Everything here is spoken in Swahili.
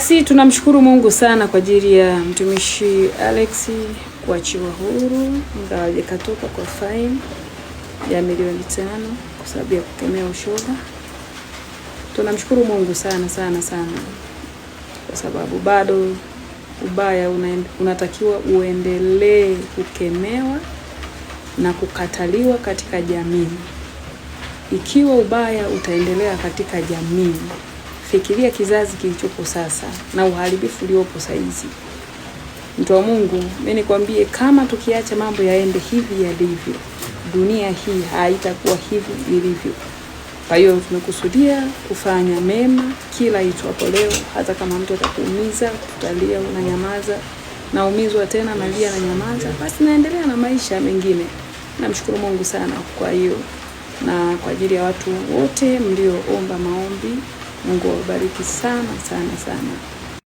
Basi tunamshukuru Mungu sana kwa ajili ya mtumishi Alex kuachiwa huru, ingawa hajakatoka kwa faini ya milioni tano kwa sababu ya kukemea ushoga. Tunamshukuru Mungu sana sana sana kwa sababu bado ubaya unatakiwa uendelee kukemewa na kukataliwa katika jamii. Ikiwa ubaya utaendelea katika jamii fikiria kizazi kilichopo sasa na uharibifu uliopo saizi. Mtu wa Mungu, mimi nikwambie, kama tukiacha mambo yaende hivi yalivyo, dunia hii haitakuwa hivi ilivyo. Kwa hiyo tumekusudia kufanya mema kila itwapo leo, hata kama mtu atakuumiza, utalia, unanyamaza, naumizwa tena, nalia, nyamaza, basi naendelea na maisha mengine. Namshukuru Mungu sana kwa hiyo na kwa ajili ya watu wote mlioomba maombi Mungu awabariki sana sana sana.